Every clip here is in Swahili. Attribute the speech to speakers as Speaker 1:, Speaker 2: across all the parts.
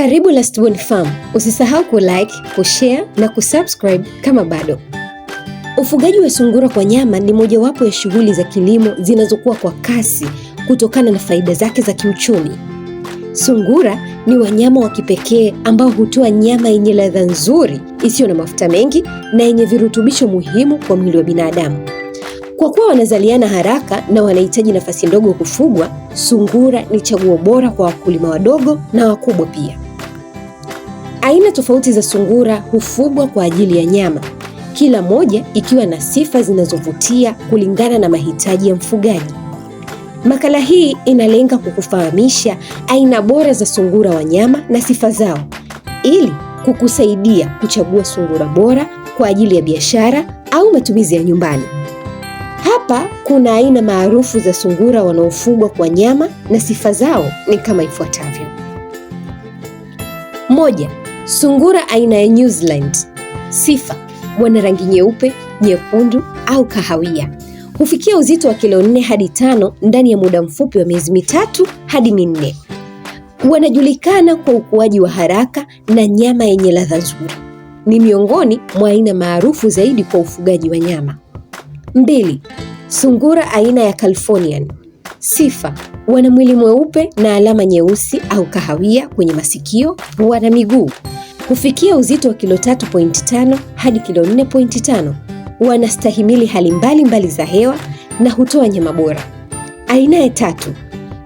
Speaker 1: Karibu Lastborn Farm. Usisahau ku share na subscribe kama bado. Ufugaji wa sungura kwa nyama ni mojawapo ya shughuli za kilimo zinazokuwa kwa kasi kutokana na faida zake za kiuchumi. Sungura ni wanyama wa kipekee ambao hutoa nyama yenye ladha nzuri isiyo na mafuta mengi na yenye virutubisho muhimu kwa mwili wa binadamu. Kwa kuwa wanazaliana haraka na wanahitaji nafasi ndogo kufugwa, sungura ni chaguo bora kwa wakulima wadogo na wakubwa pia. Aina tofauti za sungura hufugwa kwa ajili ya nyama, kila moja ikiwa na sifa zinazovutia kulingana na mahitaji ya mfugaji. Makala hii inalenga kukufahamisha aina bora za sungura wa nyama na sifa zao ili kukusaidia kuchagua sungura bora kwa ajili ya biashara au matumizi ya nyumbani. Hapa kuna aina maarufu za sungura wanaofugwa kwa nyama na sifa zao ni kama ifuatavyo: Moja, Sungura aina ya New Zealand. Sifa: wana rangi nyeupe, nyekundu au kahawia. Hufikia uzito wa kilo nne hadi tano ndani ya muda mfupi wa miezi mitatu hadi minne. Wanajulikana kwa ukuaji wa haraka na nyama yenye ladha nzuri. Ni miongoni mwa aina maarufu zaidi kwa ufugaji wa nyama. Mbili, sungura aina ya Californian. Sifa: wana mwili mweupe na alama nyeusi au kahawia kwenye masikio, wana miguu hufikia uzito wa kilo 3.5 hadi kilo 4.5. Wanastahimili hali mbalimbali mbali za hewa na hutoa nyama bora. Aina ya tatu,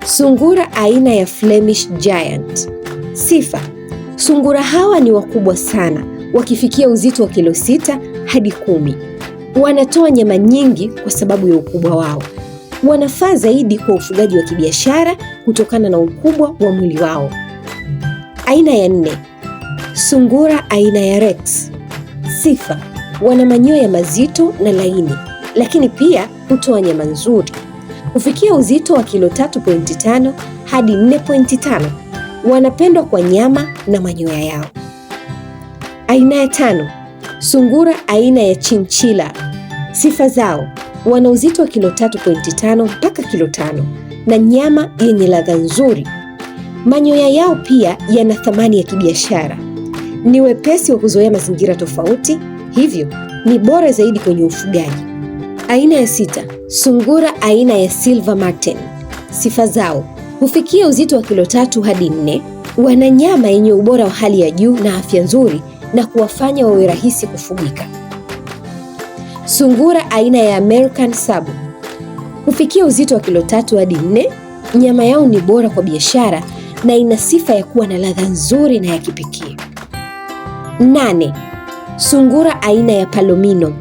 Speaker 1: sungura aina ya Flemish Giant. Sifa: sungura hawa ni wakubwa sana, wakifikia uzito wa kilo 6 hadi kumi. Wanatoa nyama nyingi kwa sababu ya ukubwa wao. Wanafaa zaidi kwa ufugaji wa kibiashara kutokana na ukubwa wa mwili wao. Aina ya nne Sungura aina ya Rex. Sifa: wana manyoya mazito na laini, lakini pia hutoa nyama nzuri. Hufikia uzito wa kilo 3.5 hadi 4.5. Wanapendwa kwa nyama na manyoya yao. Aina ya tano, sungura aina ya chinchila. Sifa zao: wana uzito wa kilo 3.5 mpaka kilo 5 na nyama yenye ladha nzuri. Manyoya yao pia yana thamani ya kibiashara ni wepesi wa kuzoea mazingira tofauti, hivyo ni bora zaidi kwenye ufugaji. Aina ya sita, sungura aina ya Silver Marten. Sifa zao: hufikia uzito wa kilo tatu hadi nne, wana nyama yenye ubora wa hali ya juu na afya nzuri na kuwafanya wawe rahisi kufugika. Sungura aina ya American Sabu hufikia uzito wa kilo tatu hadi nne. Nyama yao ni bora kwa biashara na ina sifa ya kuwa na ladha nzuri na ya kipekee. Nane. Sungura aina ya palomino.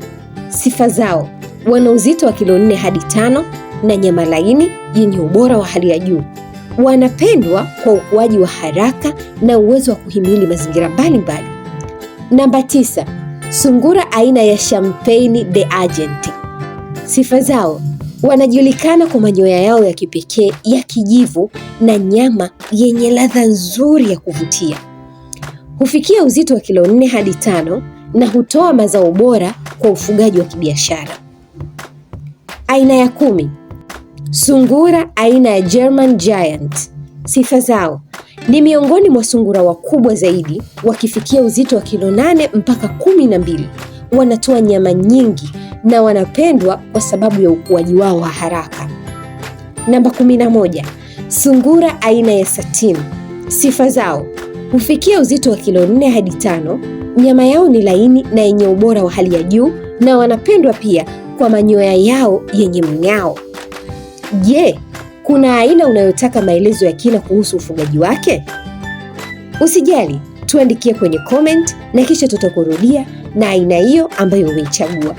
Speaker 1: Sifa zao: wana uzito wa kilo nne hadi tano na nyama laini yenye ubora wa hali ya juu. Wanapendwa kwa ukuaji wa haraka na uwezo wa kuhimili mazingira mbalimbali. Namba tisa. Sungura aina ya Champagne de Argentine. Sifa zao: wanajulikana kwa manyoya yao ya kipekee ya kijivu na nyama yenye ladha nzuri ya kuvutia hufikia uzito wa kilo nne hadi tano na hutoa mazao bora kwa ufugaji wa kibiashara. Aina ya kumi, sungura aina ya German Giant. Sifa zao ni miongoni mwa sungura wakubwa zaidi, wakifikia uzito wa kilo nane mpaka kumi na mbili. Wanatoa nyama nyingi na wanapendwa kwa sababu ya ukuaji wao wa haraka. Namba 11, sungura aina ya Satin. Sifa zao Hufikia uzito wa kilo nne hadi tano. Nyama yao ni laini na yenye ubora wa hali ya juu na wanapendwa pia kwa manyoya yao yenye mng'ao. Je, kuna aina unayotaka maelezo ya kina kuhusu ufugaji wake? Usijali, tuandikie kwenye comment na kisha tutakurudia na aina hiyo ambayo umeichagua.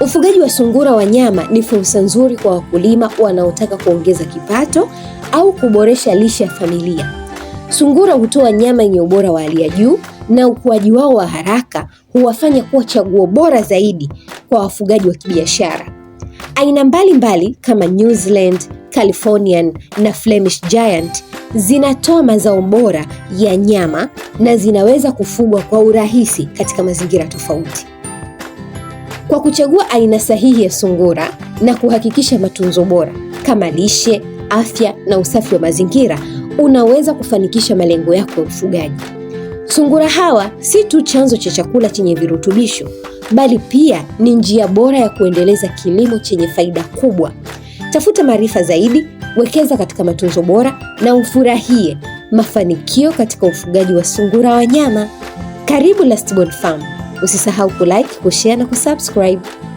Speaker 1: Ufugaji wa sungura wa nyama ni fursa nzuri kwa wakulima wanaotaka kuongeza kipato au kuboresha lishe ya familia. Sungura hutoa nyama yenye ubora wa hali ya juu na ukuaji wao wa haraka huwafanya kuwa chaguo bora zaidi kwa wafugaji wa kibiashara. Aina mbalimbali kama New Zealand, Californian na Flemish Giant zinatoa mazao bora ya nyama na zinaweza kufugwa kwa urahisi katika mazingira tofauti. Kwa kuchagua aina sahihi ya sungura na kuhakikisha matunzo bora kama lishe, afya na usafi wa mazingira unaweza kufanikisha malengo yako ya ufugaji. Sungura hawa si tu chanzo cha chakula chenye virutubisho, bali pia ni njia bora ya kuendeleza kilimo chenye faida kubwa. Tafuta maarifa zaidi, wekeza katika matunzo bora na ufurahie mafanikio katika ufugaji wa sungura wa nyama. Karibu Lastborn Farm. Usisahau kulike, kushare na kusubscribe.